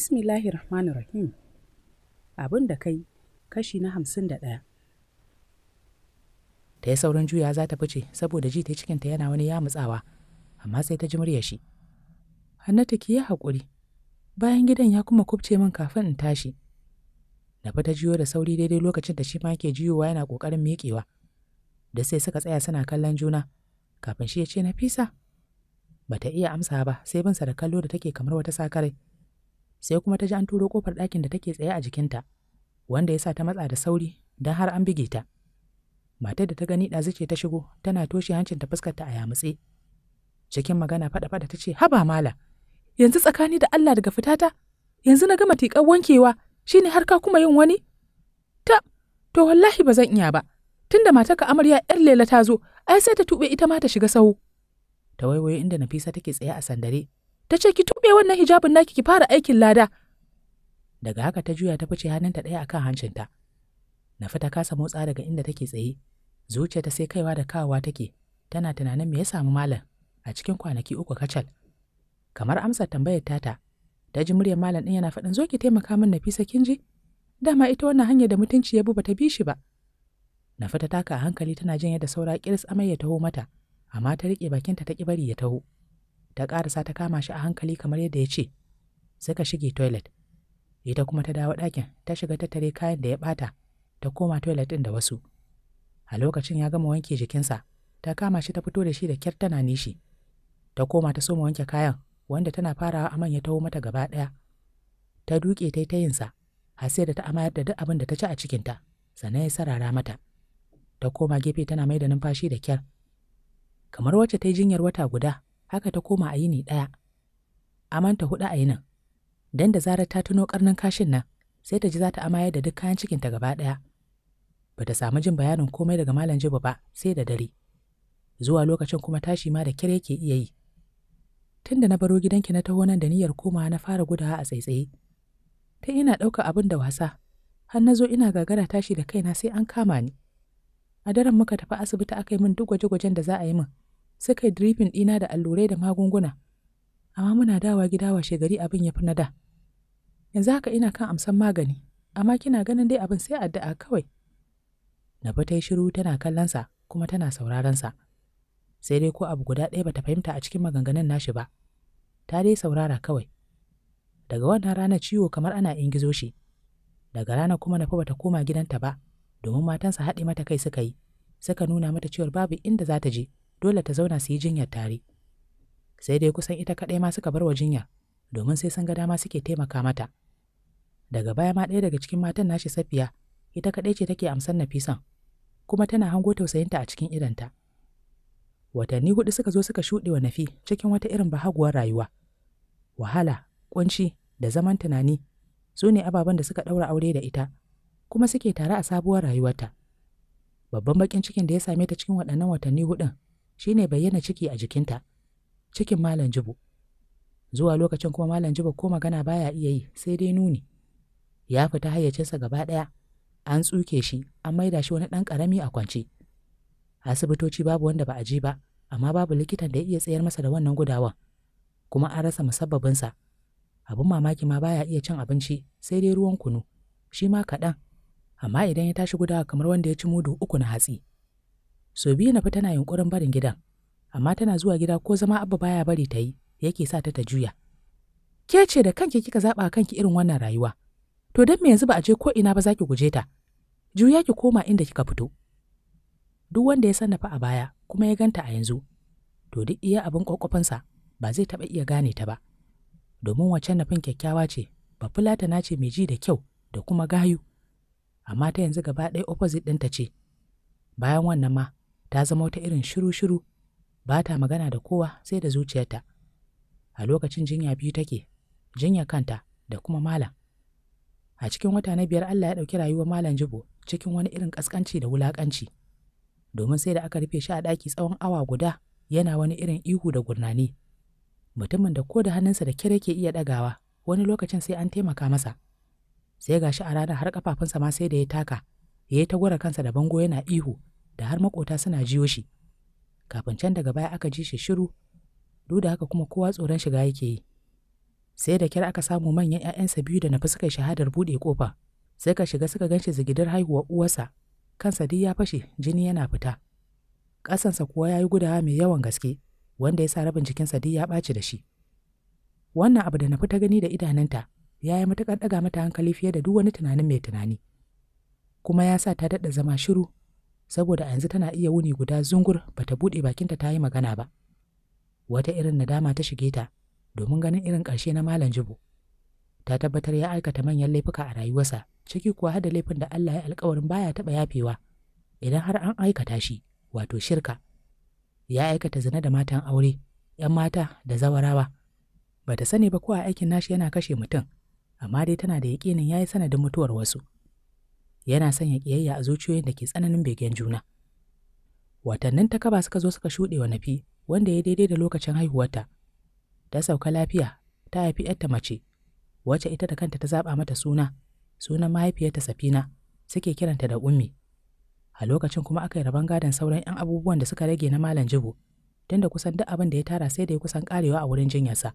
Bismillahi Rahmanir Rahim. Abin da kai kashi na hamsin da ɗaya. Ta yi sauran juya za ta fice saboda ji ta cikinta yana wani ya mutsawa, amma sai ta ji murya shi. Hannatu ki yi haƙuri, bayan gidan ya kuma kubce min kafin in tashi. Na ta jiyo da sauri daidai lokacin da shi ma ke jiyowa yana ƙoƙarin miƙewa. Da sai suka tsaya suna kallon juna, kafin shi ya ce na fisa. Ba ta iya amsa ba sai binsa da kallo da take kamar wata sakarai. sai kuma ta ji an turo kofar ɗakin da take tsaye a jikinta wanda ya sa ta matsa da sauri don har an bige ta matar da ta gani ɗazu ce ta shigo tana toshe hancin fuskar fuskarta a yamutse cikin magana faɗa-faɗa ta ce haba mala yanzu tsakani da Allah daga fitata yanzu na gama tiƙar wankewa shine har ka kuma yin wani ta to wallahi ba zan iya ba tunda matar ka amarya yar lela ta zo ai sai ta tuɓe ita ma ta shiga sahu ta waiwaye inda Nafisa take tsaye a sandare ta ce ki tuɓe wannan hijabin naki ki fara aikin lada daga haka ta juya ta fice hannunta ɗaya akan hancinta nafi ta kasa motsa daga inda take tsaye zuciya ta sai kaiwa da kawawa take tana tunanin me ya samu malam a cikin kwanaki uku kacal kamar amsa tambayar tata ta ji muryar malam ɗin yana faɗin zo ki taimaka min nafisa kin ji dama ita wannan hanyar da mutunci ya bi bata bi shi ba na fita taka a hankali tana jin yadda saura kiris amai ya taho mata amma ta riƙe bakinta ta ƙi bari ya taho ta ƙarasa ta kama shi a hankali kamar yadda ya ce suka shige toilet ita kuma ta dawo ɗakin ta shiga tattare kayan da ya ɓata ta koma toilet ɗin da wasu a lokacin ya gama wanke jikinsa ta kama shi ta fito da shi da kyar tana nishi ta koma ta soma wanke kayan wanda tana farawa aman ya taho mata gaba ɗaya ta duƙe ta yi tayinsa har sai da ta amayar da duk abin da ta ci a cikinta sannan ya sarara mata ta koma gefe tana mai da numfashi da kyar kamar wacce ta yi jinyar wata guda haka ta koma a yini ɗaya. A manta huɗu a yinin, don da zarar ta tuno ƙarnin kashin nan, sai ta ji za ta amayar da duk kayan cikinta gaba ɗaya. Ba ta samu jin bayanin komai daga Malam Jibo ba sai da dare. Zuwa lokacin kuma tashi ma da kire yake iya yi. Tun da na baro gidanki na taho nan da niyyar komawa na fara gudawa a tsaitsaye. Ta ina ɗauka abin da wasa, har na zo ina gagara tashi da kaina sai an kama ni. A daren muka tafi asibiti aka yi min duk gwaje-gwajen da za a yi min, suka yi dripin ɗina da allurai da magunguna amma muna dawa gida washe gari abin ya fi na da yanzu haka ina kan amsan magani amma kina ganin dai abin sai addu'a kawai Nabi ta yi shiru tana kallonsa kuma tana sa. sai dai ko abu guda ɗaya bata fahimta a cikin maganganun nashi ba ta dai saurara kawai daga wannan rana ciwo kamar ana ingizo shi daga rana kuma na nafi bata koma gidanta ba domin matansa haɗe mata kai suka yi suka nuna mata cewar babu inda za ta je dole ta zauna su yi jinyar tare sai dai kusan ita kaɗai ma suka bar wa jinya, domin sai sun ga dama suke taimaka mata daga baya ma ɗaya daga cikin matan nashi safiya ita kaɗai ce take amsar nafisan kuma tana hango tausayinta a cikin idanta watanni hudu suka zo suka shuɗe wa nafi cikin wata irin bahaguwar rayuwa wahala ƙunci, da zaman tunani su ne ababen da suka ɗaura aure da ita kuma suke tare a sabuwar rayuwarta babban baƙin cikin da ya same ta cikin waɗannan watanni huɗun. shine bayyana ciki a jikinta cikin malam jibo zuwa lokacin kuma malam jibo ko magana baya iya yi sai dai nuni ya fita hayyacinsa gaba ɗaya an tsuke shi an maida shi wani ɗan ƙarami a kwance asibitoci babu wanda ba a ji ba amma babu likitan da ya iya tsayar masa da wannan gudawan kuma an rasa musabbabinsa abin mamaki ma baya iya cin abinci sai dai ruwan kunu shi ma kaɗan amma idan ya tashi gudawa kamar wanda ya ci mudu uku na hatsi Sau biyu na fi tana yunƙurin barin gidan, amma tana zuwa gida ko zama abba baya bari ta yi, yake sa ta ta juya. Ke ce da kanki kika zaɓa kanki irin wannan rayuwa. To don me yanzu ba a je ko ina ba za ki guje ta. Juya ki koma inda kika fito. Duk wanda ya fa a baya kuma ya ganta a yanzu, to duk iya abin kwakwafansa ba zai taɓa iya gane ta ba. Domin wacce nafin kyakkyawa ce, ba na ce mai ji da kyau da kuma gayu. Amma ta yanzu gaba ɗaya opposite ɗinta ce. Bayan wannan ma, ta zama wata irin shiru-shiru ba ta magana da kowa sai da zuciyarta a lokacin jinya biyu take jinya kanta da kuma malam a cikin wata na biyar Allah ya ɗauki rayuwar malam jibo cikin wani irin ƙasƙanci da wulaƙanci domin sai da aka rufe shi a ɗaki tsawon awa guda yana wani irin ihu da gurnani mutumin da ko da hannunsa da kira ke iya ɗagawa wani lokacin sai an taimaka masa sai gashi a ranar har ƙafafunsa ma sai da ya taka ya yi ta gwara kansa da bango yana ihu da har makota suna jiyo shi kafin can daga baya aka ji shi shiru duk da haka kuma kowa tsoron shiga yake yi sai da kyar aka samu manyan 'ya'yansa biyu da nafi suka yi shahadar buɗe kofa sai ka shiga suka ganshi zigidar haihuwar uwarsa kansa duk ya fashe jini yana fita ƙasansa kuwa ya yi gudawa mai yawan gaske wanda ya sa rabin jikinsa duk ya ɓaci da shi wannan abu da nafi ta gani da idanunta ya yi matuƙar ɗaga mata hankali fiye da duk wani tunanin mai tunani kuma ya sa ta daɗa zama shiru saboda a yanzu tana iya wuni guda zungur ba ta buɗe bakinta ta yi magana ba. Wata irin nadama ta shige ta domin ganin irin ƙarshe na Malam Jibo. Ta tabbatar ya aikata manyan laifuka a rayuwarsa, ciki kuwa hada laifin da Allah ya alkawarin baya taɓa yafewa idan har an aikata shi, wato shirka. Ya aikata zina da matan aure, ‘yan mata da zawarawa. Bata sani ba ko a aikin nashi yana kashe mutum, amma dai tana da yaƙinin ya yi sanadin mutuwar wasu. yana sanya ƙiyayya a zuciyoyin da ke tsananin begen juna. Watannin ta kaba suka zo suka shuɗe wa nafi wanda ya daidai da lokacin haihuwarta. Ta sauka lafiya, ta haifi ‘yarta mace, wacce ita da kanta ta zaɓa mata suna, sunan mahaifiyarta Safina, suke kiranta da Ummi. A lokacin kuma aka yi rabon gadon sauran ‘yan abubuwan da suka rage na Malam Jibo, tunda kusan duk abin da ya tara sai da ya kusan ƙarewa a wurin jinyarsa.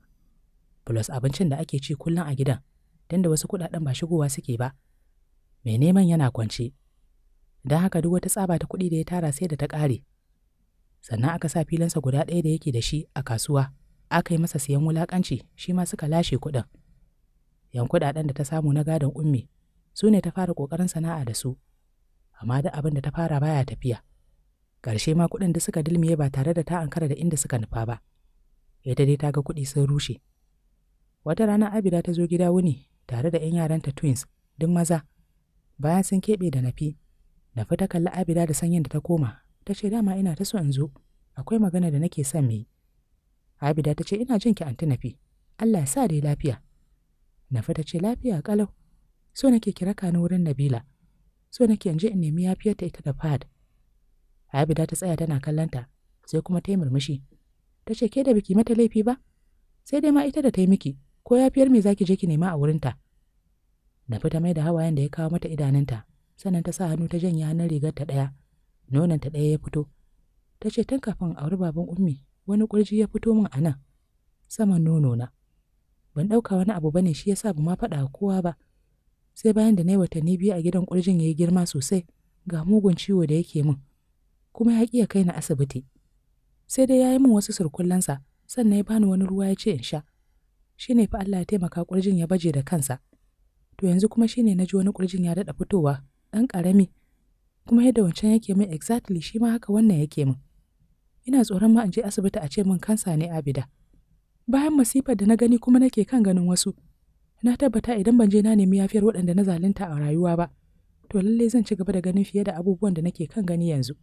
Plus abincin da ake ci kullum a gidan, tunda wasu kuɗaɗen ba shigowa suke ba, mai neman yana kwance don haka duk wata tsaba ta kuɗi da ya tara sai da ta ƙare sannan aka sa filansa guda ɗaya da yake da shi a kasuwa aka yi masa siyan wulaƙanci shi ma suka lashe kuɗin yan kuɗaɗen da ta samu na gadon ummi su ne ta fara ƙoƙarin sana'a da su amma duk abin da ta fara baya tafiya ƙarshe ma kuɗin da suka dilmiye ba tare da ta ankara da inda suka nufa ba ita dai ta ga kuɗi sun rushe wata rana abida ta zo gida wuni tare da 'yan yaranta twins duk maza bayan sun keɓe da nafi nafi ta kalli abida da sanyin da ta koma ta ce dama ina ta so in zo akwai magana da nake son mai abida ta ce ina jin ki anti nafi allah ya sa dai lafiya nafi ta ce lafiya kalau so nake kira ka ni wurin nabila so nake in je in nemi yafiyar ta ita da fad abida ta tsaya tana kallanta sai kuma ta yi murmushi ta ce ke da biki mata laifi ba sai dai ma ita da ta yi miki ko yafiyar me zaki je ki nema a wurinta na fita mai da hawayen da ya kawo mata idanunta sannan ta sa hannu ta janye hannun ta ɗaya nonanta ɗaya ya fito ta ce tun kafin auri baban ummi wani kurji ya fito min a nan saman nono na ban ɗauka wani abu bane shi yasa ba ma faɗa kowa ba sai bayan da na yi watanni biyu a gidan kurjin ya yi girma sosai ga mugun ciwo da yake min kuma ya ƙi ya kai na asibiti sai dai ya yi min wasu surkullansa sannan ya bani wani ruwa ya ce in sha shi ne fa Allah ya taimaka kurjin ya baje da kansa to yanzu kuma shine na ji wani ƙurjin ya daɗa fitowa ɗan ƙarami kuma yadda wancan yake min exactly shi ma haka wannan yake min ina tsoron ma in je asibiti a ce min kansa ne abida bayan masifar da na gani kuma nake kan ganin wasu na tabbata idan ban je na nemi yafiyar waɗanda na zalunta a rayuwa ba to lallai zan ci gaba da ganin fiye da abubuwan da nake kan gani yanzu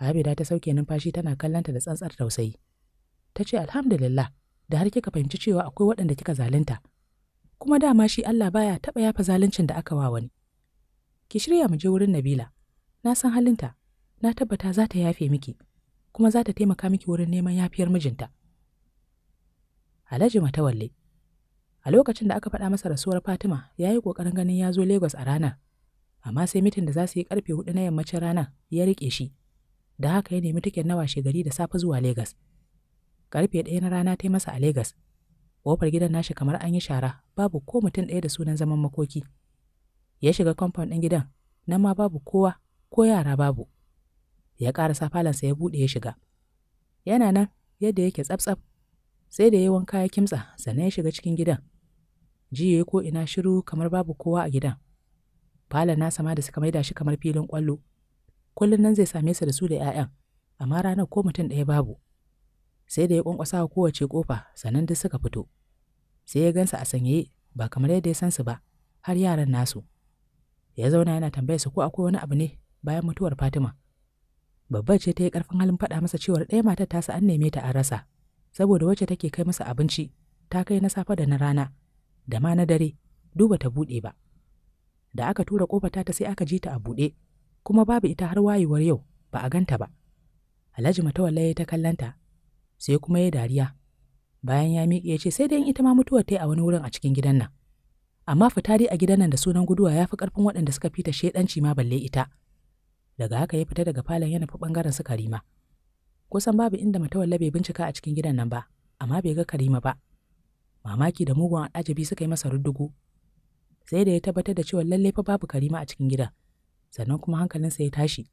abida ta sauke numfashi tana kallanta da tsantsar tausayi ta ce alhamdulillah da har kika fahimci cewa akwai waɗanda kika zalunta kuma dama shi Allah baya taɓa yafa zaluncin da aka wa wani. Ki shirya mu je wurin Nabila, na san halinta, na tabbata za ta yafe miki, kuma za ta taimaka miki wurin neman yafiyar mijinta. Alhaji Matawalle A lokacin da aka faɗa masa rasuwar Fatima, ya yi ƙoƙarin ganin ya zo Lagos a rana, amma sai mitin da za su yi ƙarfe hudu na yammacin rana ya riƙe shi, da haka ya nemi tiket na washe gari da safe zuwa Lagos. Ƙarfe ɗaya na rana ta yi masa a Lagos, kofar gidan nashi kamar an yi shara, babu ko mutum ɗaya da sunan zaman makoki. Ya shiga kwamfan ɗin gidan, nan ma babu kowa, ko yara babu. Ya ƙarasa falansa ya buɗe ya shiga. Yana nan yadda yake tsaf-tsaf, sai da ya wanka ya kimtsa sannan ya shiga cikin gidan. Jiye ko ina shiru kamar babu kowa a gidan. Falon nasa ma da suka maida shi kamar filin ƙwallo. Kullum nan zai same su da su da 'ya'yan, amma ranar ko mutum ɗaya babu. sai da ya kwankwasa kowace kofa sannan duk suka fito sai ya gansa a sanyaye ba kamar yadda ya san su ba har yaran nasu ya zauna yana tambaya su ko akwai wani abu ne bayan mutuwar Fatima babbar ce ta yi ƙarfin halin faɗa masa cewa ɗaya matar ta sa an neme ta an rasa saboda wacce take kai masa abinci ta kai na safe da na rana da ma na dare duba ta buɗe ba da aka tura kofar ta sai aka ji ta a buɗe kuma babu ita har wayewar yau ba a ganta ba Alhaji Matawalla ya ta kallanta sai kuma ya dariya bayan ya miƙe ya ce sai dai ita ma mutuwar ta yi a wani wurin a cikin gidan nan amma fita dai a gidan nan da sunan guduwa ya fi ƙarfin waɗanda suka fita shaidanci ma balle ita daga haka ya fita daga falon yana nufi ɓangaren su karima kusan babu inda matawalla bai bincika a cikin gidan nan ba amma bai ga karima ba mamaki da mugun al'ajabi suka yi masa ruddugu sai da ya tabbatar da cewa lallai fa babu karima a cikin gidan sannan kuma hankalinsa ya tashi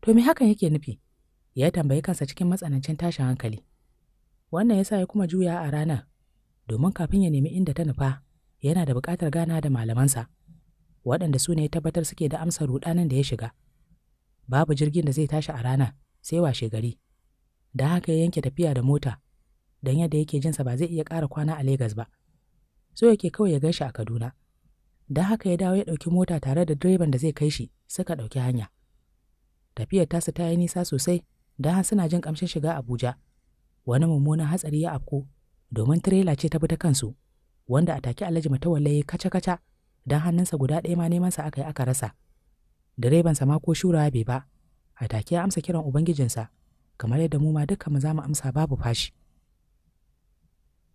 to me hakan yake nufi ya tambayi kansa cikin matsanancin tashin hankali. Wannan ya sa ya kuma juya a rana domin kafin ya nemi inda ta nufa, yana da buƙatar gana da malamansa, waɗanda su ne ya tabbatar suke da amsar ruɗanin da ya shiga. Babu jirgin da zai tashi a rana sai washe gari. Don haka ya yanke tafiya da mota, don yadda yake jinsa ba zai iya ƙara kwana a Legas ba. So yake kawai ya gaishe a Kaduna. Don haka ya dawo ya ɗauki mota tare da direban da zai kai shi, suka ɗauki hanya. Tafiyar tasu ta yi nisa sosai, don har suna jin kamshin shiga Abuja. Wani mummunan hatsari ya afko domin tirela ce ta bi ta kansu, wanda a take Alhaji Matawalle ya kaca-kaca don hannunsa guda ɗaya ma neman sa aka yi aka rasa. Direbansa ma ko shura bai ba, a take ya amsa kiran Ubangijinsa, kamar yadda mu ma dukkan mu za mu amsa babu fashi.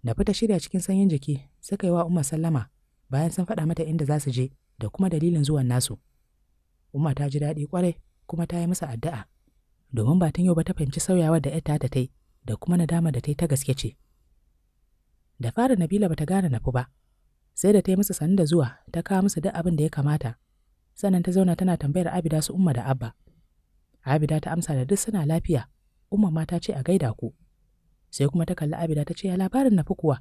Da fita shirya cikin sanyin jiki suka yi wa Umma sallama bayan sun faɗa mata inda za su je da kuma dalilin zuwan nasu. Umma ta ji daɗi kwarai kuma ta yi masa addu'a. domin ba tun yau ba ta fahimci sauyawar da yar ta ta yi da kuma nadama da ta yi ta gaske ce. Da fara Nabila bata ta gane nafi ba, sai da ta yi musu sanin da zuwa ta kawo musu duk abin da ya kamata, sannan ta zauna tana tambayar Abida su Umma da Abba. Abida ta amsa da duk suna lafiya, Umma ma ta ce a gaida ku. Sai kuma ta kalli Abida ta ce ya labarin nafi kuwa.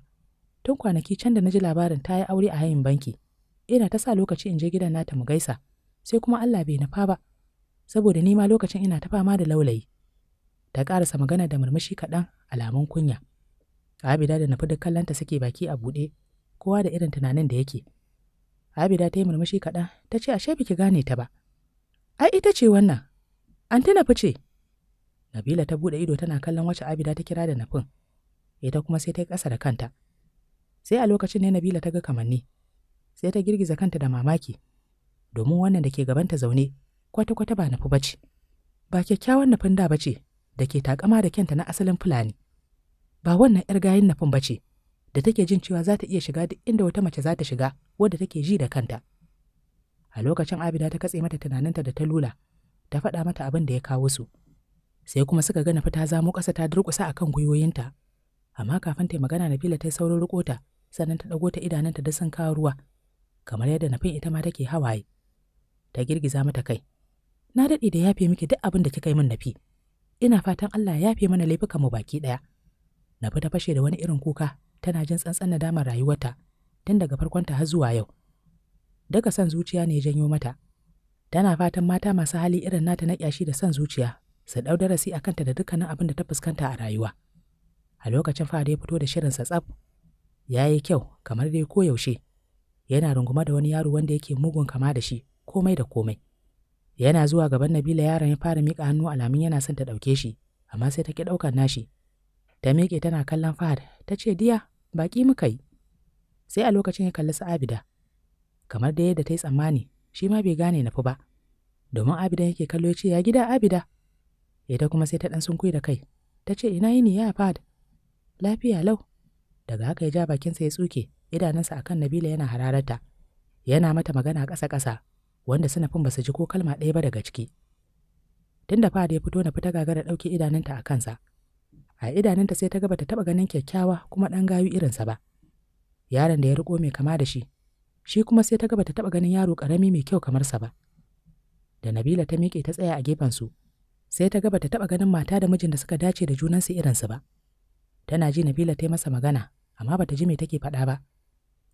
Tun kwanaki can da na ji labarin ta yi aure a hayin banki, ina ta sa lokaci in je gidan nata mu gaisa, sai kuma Allah bai nafa ba. saboda ni ma lokacin ina ta fama da laulayi. Ta ƙarasa magana da murmushi kaɗan alamun kunya. Abida da nufi duk ta suke baki a buɗe, kowa da irin tunanin da yake. Abida ta yi murmushi kaɗan, ta ce ashe biki gane ta ba. Ai ita ce wannan, an ta nafi ce. Nabila ta buɗe ido tana kallon wacce Abida ta kira da nafin, ita kuma sai ta yi ƙasa da kanta. Sai a lokacin ne Nabila ta ga kamanni, sai ta girgiza kanta da mamaki, domin wannan da ke gabanta zaune kwata-kwata ba nufi bace ba kyakkyawan nufin da bace da ke takama da kyanta na asalin fulani ba wannan 'yar gayin nufin bace da take jin cewa za ta iya shiga duk inda wata mace za ta shiga wadda take ji da kanta a lokacin abida ta katse mata tunaninta da ta lula ta faɗa mata abin da ya kawo su sai kuma suka ga nafi ta zamo ƙasa ta durƙusa akan gwiwoyinta amma kafin ta magana fila ta yi saurin riko ta sannan ta ɗago ta idanunta da sun kawo ruwa kamar yadda nafin ita ma take hawaye ta girgiza mata kai na daɗe da yafe miki duk abin da kika yi min nafi ina fatan Allah ya yafe mana laifukan mu baki ɗaya na ta fashe da wani irin kuka tana jin tsantsan nadamar rayuwarta tun daga farkon ta har zuwa yau daga san zuciya ne ya janyo mata tana fatan mata masu hali irin nata na kyashi da son zuciya su ɗau darasi a kanta da dukkanin abin da ta fuskanta a rayuwa a lokacin da ya fito da shirinsa tsaf ya yi kyau kamar dai koyaushe yana runguma da wani yaro wanda yake mugun kama da shi komai da komai yana zuwa gaban nabila yaron ya fara mika hannu alamin yana son ta ɗauke shi amma sai ta ki ɗaukar nashi ta miƙe tana kallon fahad ta ce diya baƙi muka yi sai a lokacin ya kalli su abida kamar da yadda ta yi tsammani shi ma bai gane nafi ba domin abida yake kallo ya ce ya gida abida ita kuma sai ta ɗan sunkuyi da kai ta ce ina yini ya fahad lafiya lau daga haka ya ja bakin sa ya tsuke idanunsa akan nabila yana hararata yana mata magana ƙasa-ƙasa wanda sinafin ba su ji ko kalma ɗaya ba daga ciki. Tun da ya fito na fita gagara ɗauke idanunta a kansa, a idanunta sai ta gaba ta taɓa ganin kyakkyawa kuma ɗan gayu irinsa ba. Yaron da ya riko mai kama da shi, shi kuma sai ta gaba bata taɓa ganin yaro ƙarami mai kyau kamar sa ba. Da Nabila ta miƙe ta tsaya a gefen su. sai ta gaba ta taɓa ganin mata da mijin da suka dace da junansu irinsu ba. Tana ji Nabila ta yi masa magana, amma bata ji me take faɗa ba.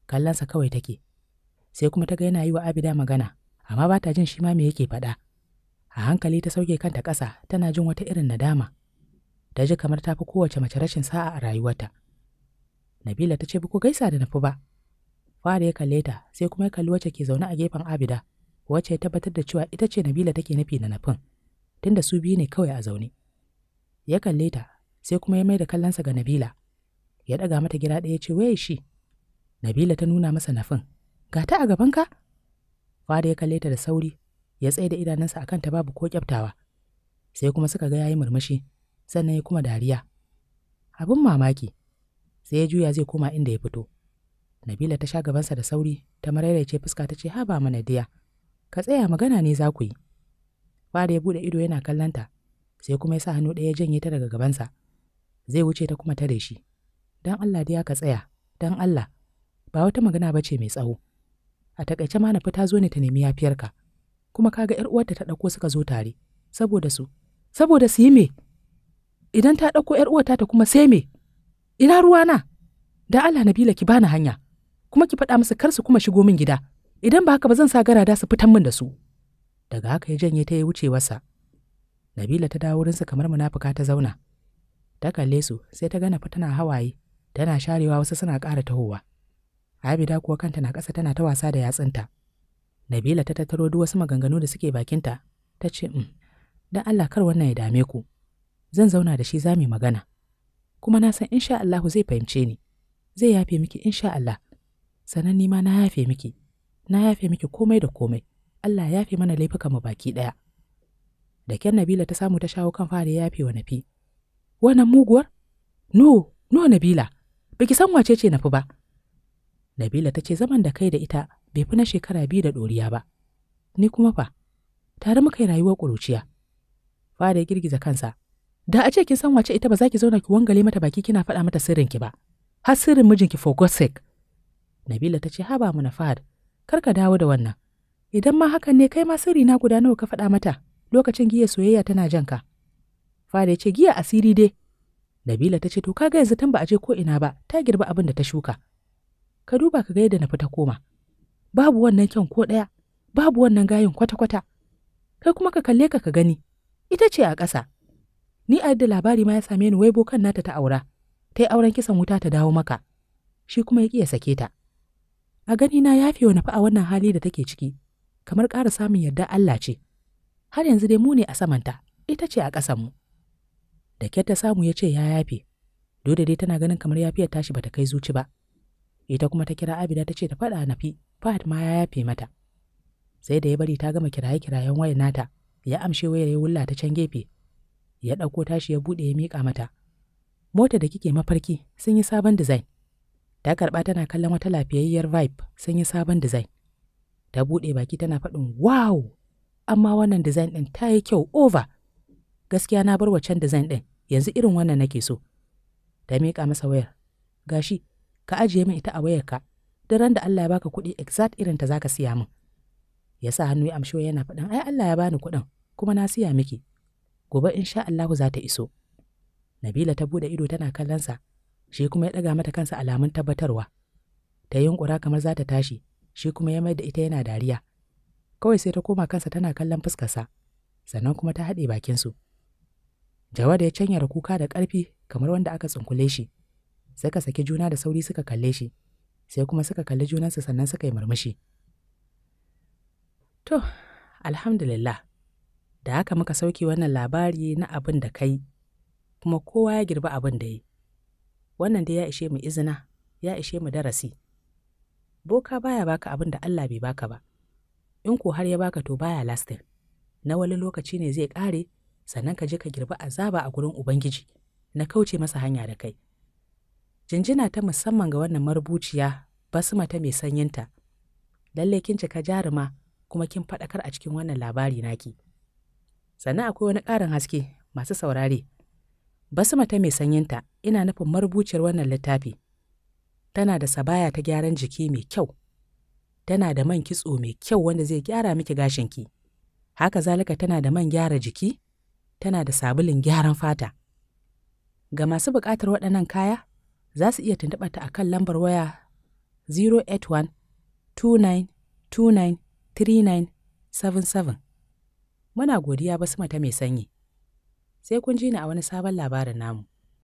Kallonsa kawai take. Sai kuma ta ga yana yi wa Abida magana, amma ba ta jin shi ma me yake faɗa. A hankali ta sauke kanta ƙasa tana jin wata irin nadama. Ta ji kamar ta fi kowace mace rashin sa'a a rayuwarta. Nabila ta ce ba ku gaisa da nafi ba. Fara ya kalle ta sai kuma ya kalli wacce ke zaune a gefen Abida, wacce ya tabbatar da cewa ita ce Nabila take nufi da nafin, tunda su biyu ne kawai a zaune. Ya kalle ta sai kuma ya mai da kallonsa ga Nabila. Ya ɗaga mata gida ɗaya ya ce waye shi. Nabila ta nuna masa nafin. gata a gaban ka? Fada ya kalle ta da sauri, ya tsaye da idanunsa a kanta babu ko kyaftawa. Sai kuma suka ga yayi murmushi, sannan ya kuma dariya. Abin mamaki, sai ya juya zai koma inda ya fito. Nabila ta sha gabansa da sauri, ta marairaice fuska ta ce haba mana diya. Ka tsaya magana ne za ku yi. Fada ya buɗe ido yana kallanta, sai kuma ya sa hannu ɗaya ya janye ta daga gabansa. Zai wuce ta kuma tare shi. Dan Allah diya ka tsaya, dan Allah. Ba wata magana ba ce mai tsawo. a takaice ma na ta zo ne ta nemi yafiyarka kuma kaga yar uwarta ta ɗauko suka zo tare saboda su saboda su yi me idan ta ɗauko yar uwarta ta kuma sai me ina na da Allah Nabila ki bani hanya kuma ki faɗa musu kar su kuma shigo min gida idan ba haka ba zan sa garada su fitan min da su daga haka ya janye ta yi wucewarsa Nabila ta dawo wurinsa kamar munafuka ta zauna ta kalle su sai ta gana fa hawaye tana sharewa wasu suna ƙara tahowa Abida kuwa kanta na ƙasa tana ta wasa da yatsunta. Nabila ta tattaro duk wasu maganganu da suke bakinta, ta ce, "Um, mm, don Allah kar wannan ya dame ku, zan zauna da shi za mu magana, kuma na san insha Allah zai fahimce ni, zai yafe miki insha Allah, sannan ni ma na yafe miki, na yafe miki komai da komai, Allah ya yafe mana laifukan mu baki ɗaya." Da kyan Nabila ta samu ta shawo kan fara yafe wa Nafi. Wannan muguwar? No, no Nabila, baki san wace ce fi ba, Nabila ta ce zaman da kai da ita bai fi na shekara biyu da ɗoriya ba. Ni kuma fa, tare muka yi rayuwar ƙuruciya. Fada ya girgiza kansa. Da a ce kin san wace ita ba za ki zauna ki wangale mata baki kina faɗa mata sirrinki ba. Har sirrin mijinki for God's sake. Nabila ta ce haba mu na Fad. kar ka dawo da wannan. Idan ma hakan ne kai ma sirri na guda nawa ka faɗa mata lokacin giya soyayya tana jan ka. Fada ya ce giya asiri dai. Nabila ta ce to kaga yanzu tun ba a je ko ina ba ta girba abin da ta shuka. ka duba ka ga yadda na fita koma babu wannan kyan ko ɗaya babu wannan gayin kwata-kwata kai kuma ka kalle ka ka gani ita ce a ƙasa ni a yadda labari ma ya same ni wai bokan nata ta aura ta yi auren kisan wuta ta dawo maka shi kuma ya ƙi ya sake ta a gani na yafe wa nafi a wannan hali da take ciki kamar ƙara samun yarda Allah ce har yanzu dai mu ne a samanta ita ce a ƙasan mu. da kyar ta samu ya ce ya yafe dole dai tana ganin kamar yafiyar tashi bata kai zuci ba ita kuma ta kira abida ta ce ta faɗa nafi fahad ma ya yafe mata sai da ya bari ta gama kiraye kirayen wayar nata ya amshe wayar ya wulla ta can gefe ya ɗauko tashi ya buɗe ya miƙa mata mota da kike mafarki sun yi sabon design ta karɓa tana kallon wata lafiyayyar vibe sun yi sabon design ta buɗe baki tana faɗin wow amma wannan design ɗin ta yi kyau over gaskiya na bar wacan design ɗin yanzu irin wannan nake so ta miƙa masa wayar gashi ka ajiye min ita a wayarka duk ran da Allah ya baka kuɗi exact irin ta zaka siya min ya sa hannu ya amsho yana faɗin ai Allah ya bani kuɗin kuma na siya miki gobe in sha Allahu za ta iso Nabila ta buɗe ido tana kallonsa shi kuma ya ɗaga mata kansa alamun tabbatarwa ta yunkura kamar za ta tashi shi kuma ya mai da ita yana dariya kawai sai ta koma kansa tana kallon fuskarsa sannan kuma ta haɗe bakinsu jawada ya canyar kuka da ƙarfi kamar wanda aka tsunkule shi sai ka saki juna da sauri suka kalle shi sai kuma suka kalli junansu sannan suka yi murmushi to alhamdulillah da haka muka sauke wannan labari na abin da kai kuma kowa ya girbi abin da yi wannan dai ya ishe mu izina ya ishe mu darasi boka baya baka abin da Allah bai baka ba in ko har ya baka to baya lastin na wani lokaci ne zai ƙare sannan ka je ka girbi azaba a gurin ubangiji na kauce masa hanya da kai Jinjina ta musamman ga wannan marubuciya basma ta mai sanyinta. Lallai kin cika jaruma kuma kin faɗakar a cikin wannan labari naki. Sannan akwai wani ƙarin haske masu saurare. Basma ta mai sanyinta ina nufin marubuciyar wannan littafi. Tana da sabaya ta gyaran jiki mai kyau. Tana da man kitso mai kyau wanda zai gyara miki gashinki. Haka zalika tana da man gyara jiki, tana da sabulin gyaran fata. Ga masu buƙatar waɗannan kaya, za su iya tuntuɓa ta a kan lambar waya 081-2929-3977. Muna godiya basu mata mai sanyi. Sai kun ji ni a wani sabon labarin namu.